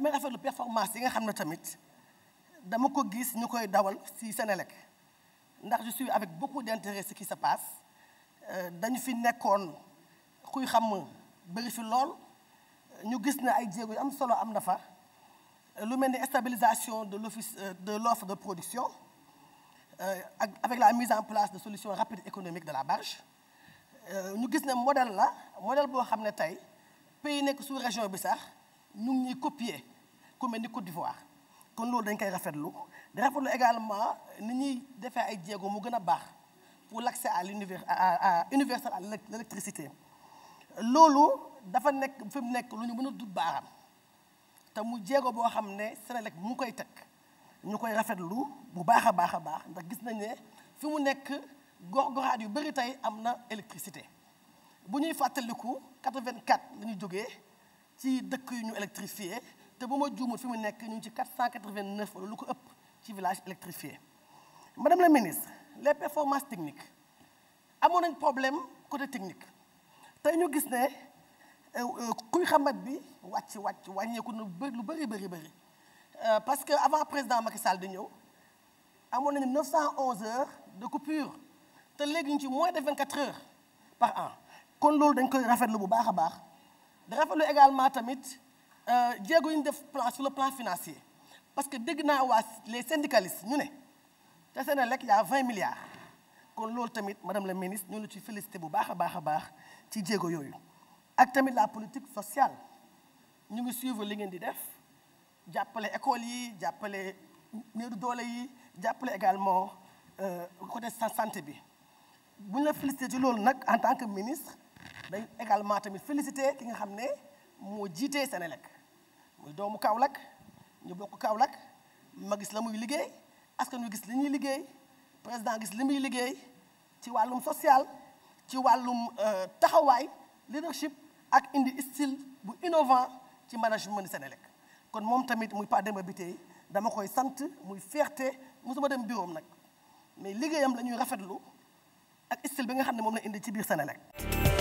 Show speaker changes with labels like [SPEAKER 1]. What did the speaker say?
[SPEAKER 1] damay rafetlu performance yi nga xam ne tamit dama ko gis ñu koy dawal ci Sénélec ndax je suis avec beaucoup d'intérêt ce qui se passe euh, dañu fi nekkoon kuy xam bëri fi lool ñu gis ne ay jéego yu am solo am na fa lu mel ni stabilisation de l'office euh, de l'offre de production euh, ak avec la mise en place de solutions rapides économiques de la barge ñu gis ne modèle la modèle boo xam ne tey pays nekk sous région bi sax ñu ngi ñuy copier ku mel ni Côte d'Ivoire kon loolu dañ koy rafetlu di rafetlu également ni ñuy defee ay jéego mu gën a baax pour l'accès à l'univers à universel à l'électricité loolu dafa nekk fi mu nekk lu ñu mën a dut baaxam te mu jéego boo xam ne Sénélec mu koy teg ñu koy rafetlu bu baax a baax a baax ndax gis nañ ne fi mu nekk gox-goxaat yu bëri tey am na électricité bu ñuy fàttaliku 84 la ñu jóge ci dëkk yu ñu électrifié te bu ma fi mu nekk ñu 489 wala lu village électrifié madame la ministre les performances techniques amoon un problème côté technique Nous ñu gis ne euh, euh, kuy xamat bi wàcc wàcc wàññeeku na bëri bëri bëri euh, parce que avant président Macky Sall di y amoon 911 heures de coupure maintenant, il y ci moins de 24 heures par an kon loolu dañ koy rafetlu bu baax di également tamit Diego euh, yi ñu plan sur le plan financier parce que dégg naa les syndicalistes ñu ne te Senelec y a 20 milliards Donc, l'autre, tamit madame la ministre nous nous ci félicité bu baax a baax Et ci ak tamit la politique sociale ñu ngi suivre li ngeen di def jàppale école yi jàppale néew doole yi jàppale également euh, côté santé bi bu ñu la félicité ci en tant que ministre day également tamit félicité ki nga xam ne moo jiitee Senelec muy doomu Kaolack ñu bokk Kaolack ma gis la muy liggéey askan wi gis li ñuy liggéey président gis li muy liggéey ci wàllum social ci wàllum euh, taxawaay leadership ak indi style bu innovant ci management Senelec kon moom tamit muy pas Demba Bitèye dama koy sant muy fierté musuma dem bureau nag mais liggéeyam lañuy rafetlu ak style bi nga xam ne moom la indi ci biir Senelec